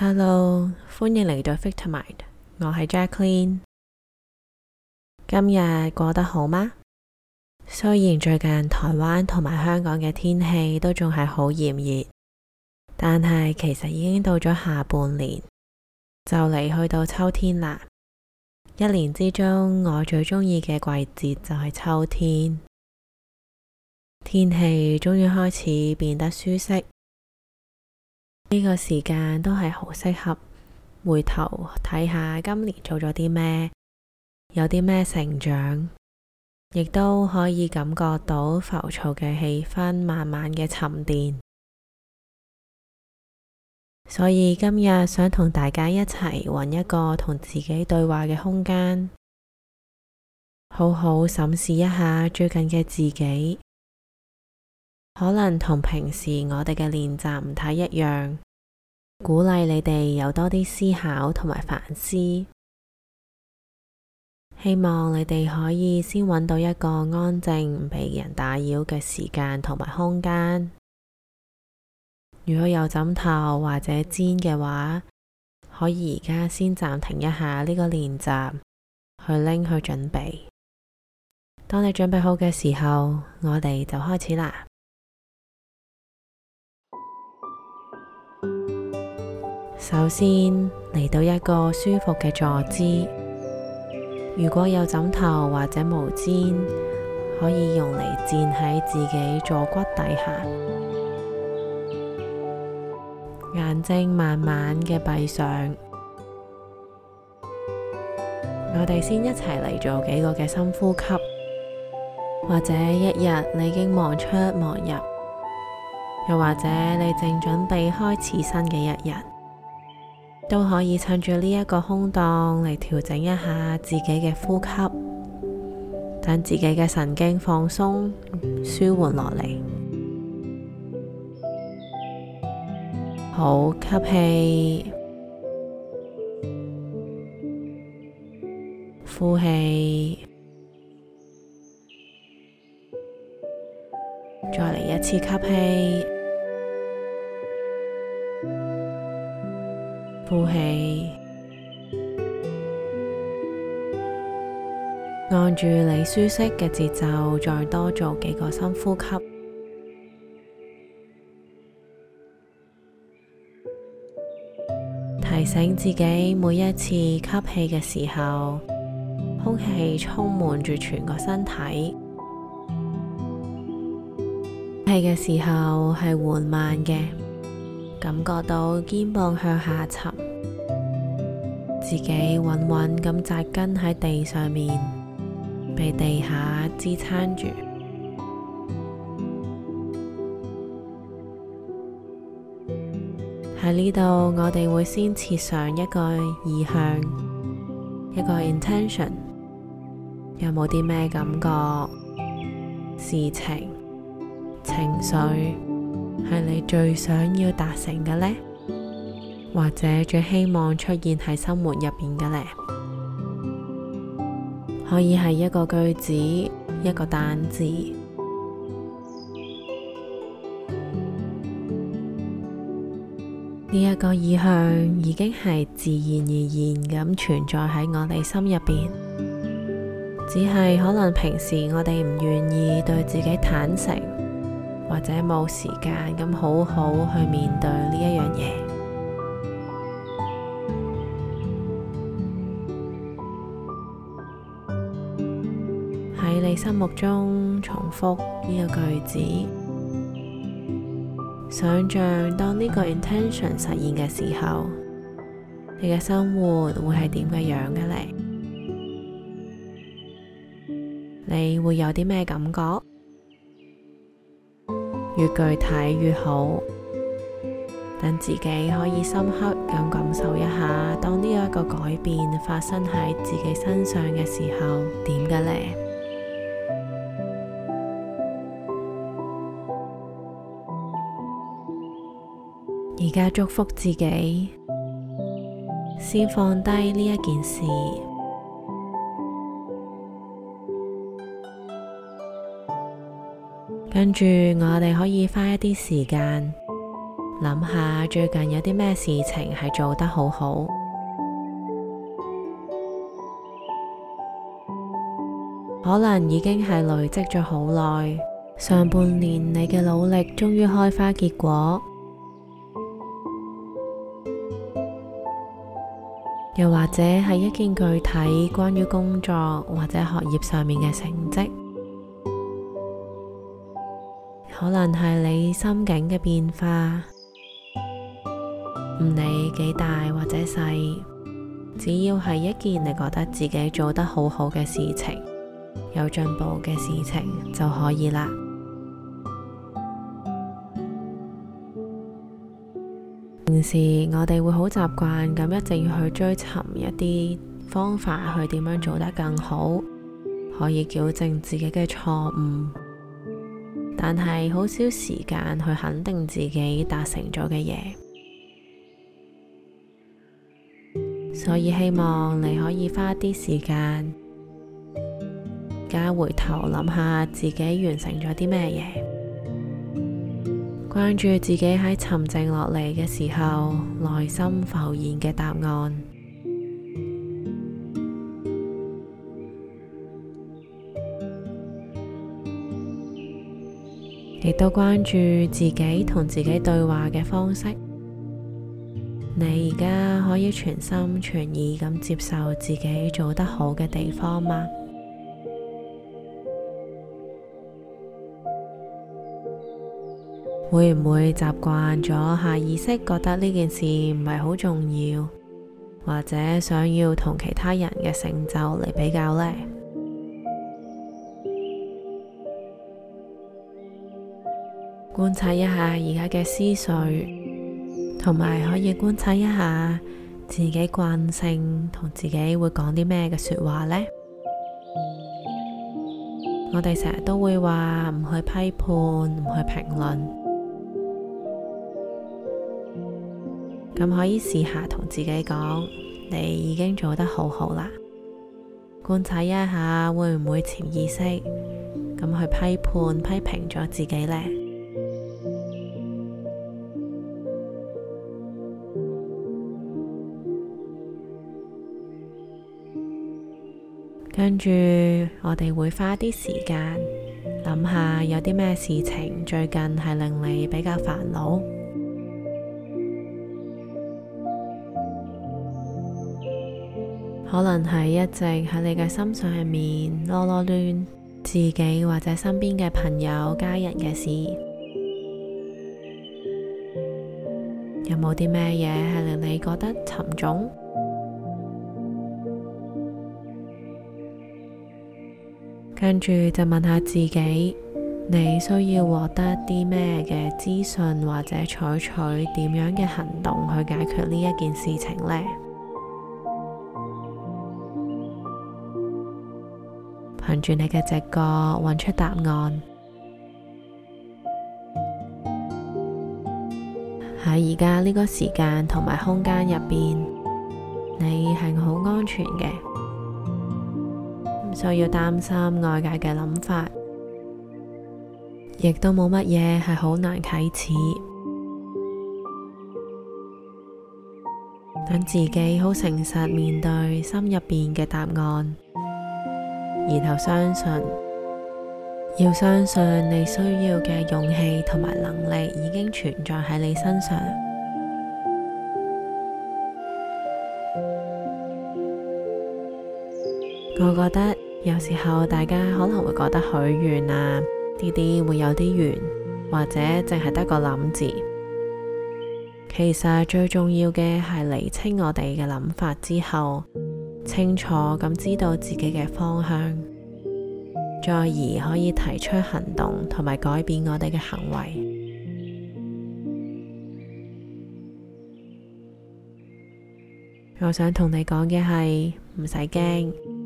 Hello，歡迎嚟到 Vitamind 我係 Jaclyn。今日過得好嗎？雖然最近台灣同埋香港嘅天氣都仲係好炎熱，但係其實已經到咗下半年，就嚟去到秋天啦。一年之中，我最中意嘅季節就係秋天，天氣終於開始變得舒適。呢個時間都係好適合回頭睇下今年做咗啲咩，有啲咩成長，亦都可以感覺到浮躁嘅氣氛慢慢嘅沉澱。所以今日想同大家一齊揾一個同自己對話嘅空間，好好審視一下最近嘅自己。可能同平時我哋嘅練習唔太一樣，鼓勵你哋有多啲思考同埋反思。希望你哋可以先揾到一個安靜唔俾人打擾嘅時間同埋空間。如果有枕頭或者氈嘅話，可以而家先暫停一下呢個練習，去拎去準備。當你準備好嘅時候，我哋就開始啦。首先嚟到一個舒服嘅坐姿，如果有枕頭或者毛氈，可以用嚟墊喺自己坐骨底下。眼睛慢慢嘅閉上，我哋先一齊嚟做幾個嘅深呼吸。或者一日你已經忙出忙入，又或者你正準備開始新嘅一日。都可以趁住呢一個空檔嚟調整一下自己嘅呼吸，等自己嘅神經放鬆、舒緩落嚟。好，吸氣，呼氣，再嚟一次吸氣。呼氣，按住你舒適嘅節奏，再多做幾個深呼吸。提醒自己，每一次吸氣嘅時候，空氣充滿住全個身體。吸氣嘅時候係緩慢嘅。感覺到肩膀向下沉，自己穩穩咁扎根喺地上面，被地下支撐住。喺呢度，我哋會先設上一個意向，一個 intention。有冇啲咩感覺、事情、情緒？係你最想要達成嘅呢，或者最希望出現喺生活入邊嘅呢，可以係一個句子，一個單字。呢一個意向已經係自然而然咁存在喺我哋心入邊，只係可能平時我哋唔願意對自己坦誠。或者冇時間咁好好去面對呢一樣嘢，喺你心目中重複呢個句子，想像當呢個 intention 實現嘅時候，你嘅生活會係點嘅樣嘅嚟？你會有啲咩感覺？越具體越好，等自己可以深刻咁感受一下，當呢一個改變發生喺自己身上嘅時候，點嘅呢？而家祝福自己，先放低呢一件事。跟住，我哋可以花一啲時間諗下最近有啲咩事情係做得好好，可能已經係累積咗好耐。上半年你嘅努力終於開花結果，又或者係一件具體關於工作或者學業上面嘅成績。可能係你心境嘅變化，唔理幾大或者細，只要係一件你覺得自己做得好好嘅事情，有進步嘅事情就可以啦。平時我哋會好習慣咁一直要去追尋一啲方法，去點樣做得更好，可以矯正自己嘅錯誤。但係好少時間去肯定自己達成咗嘅嘢，所以希望你可以花啲時間，而家回頭諗下自己完成咗啲咩嘢，關注自己喺沉靜落嚟嘅時候，內心浮現嘅答案。亦都關注自己同自己對話嘅方式。你而家可以全心全意咁接受自己做得好嘅地方嗎？會唔會習慣咗下意識覺得呢件事唔係好重要，或者想要同其他人嘅成就嚟比較呢？觀察一下而家嘅思緒，同埋可以觀察一下自己慣性同自己會講啲咩嘅說話呢？ 我哋成日都會話唔去批判，唔去評論，咁可以試下同自己講：你已經做得好好啦。觀察一下會唔會潛意識咁去批判批評咗自己呢？跟住，我哋會花啲時間諗下，想想有啲咩事情最近係令你比較煩惱？可能係一直喺你嘅心上面囉囉攣，自己或者身邊嘅朋友、家人嘅事，有冇啲咩嘢係令你覺得沉重？跟住就問下自己，你需要獲得啲咩嘅資訊，或者採取點樣嘅行動去解決呢一件事情呢？憑住你嘅直覺，揾出答案。喺而家呢個時間同埋空間入邊，你係好安全嘅。就要擔心外界嘅諗法，亦都冇乜嘢係好難啟齒。等自己好誠實面對心入邊嘅答案，然後相信，要相信你需要嘅勇氣同埋能力已經存在喺你身上。我覺得。有時候大家可能會覺得許願啊，呢啲會有啲遠，或者淨係得個諗字。其實最重要嘅係釐清我哋嘅諗法之後，清楚咁知道自己嘅方向，再而可以提出行動同埋改變我哋嘅行為。我想同你講嘅係，唔使驚。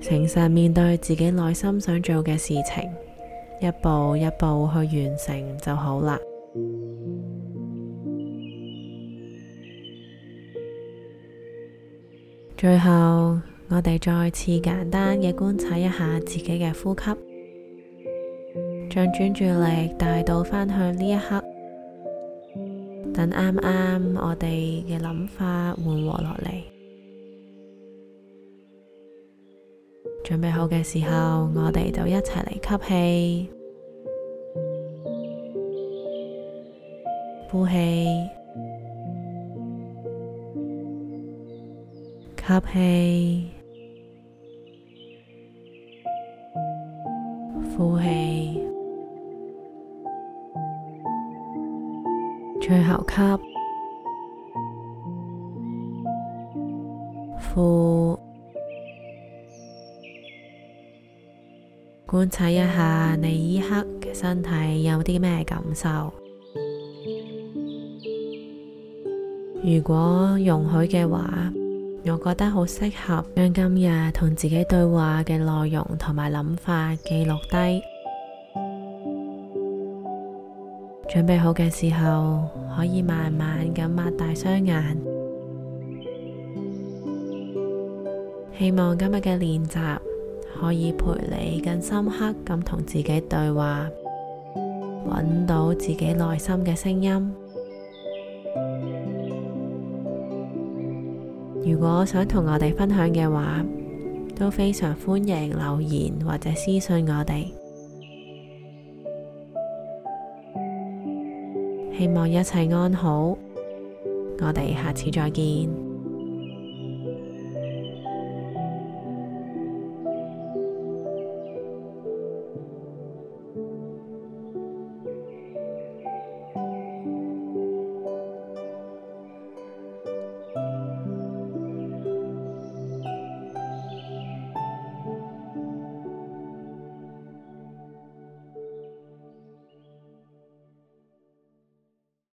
誠實面對自己內心想做嘅事情，一步一步去完成就好啦。最後，我哋再次簡單嘅觀察一下自己嘅呼吸，將專注力帶到返向呢一刻，等啱啱我哋嘅諗法緩和落嚟。準備好嘅時候，我哋就一齊嚟吸氣、呼氣、吸氣、呼氣，最後吸、呼。觀察一下你依刻嘅身體有啲咩感受？如果容許嘅話，我覺得好適合將今日同自己對話嘅內容同埋諗法記錄低。準備好嘅時候，可以慢慢咁擘大雙眼。希望今日嘅練習，可以陪你更深刻咁同自己對話，揾到自己內心嘅聲音。如果想同我哋分享嘅話，都非常歡迎留言或者私信我哋。希望一切安好，我哋下次再見。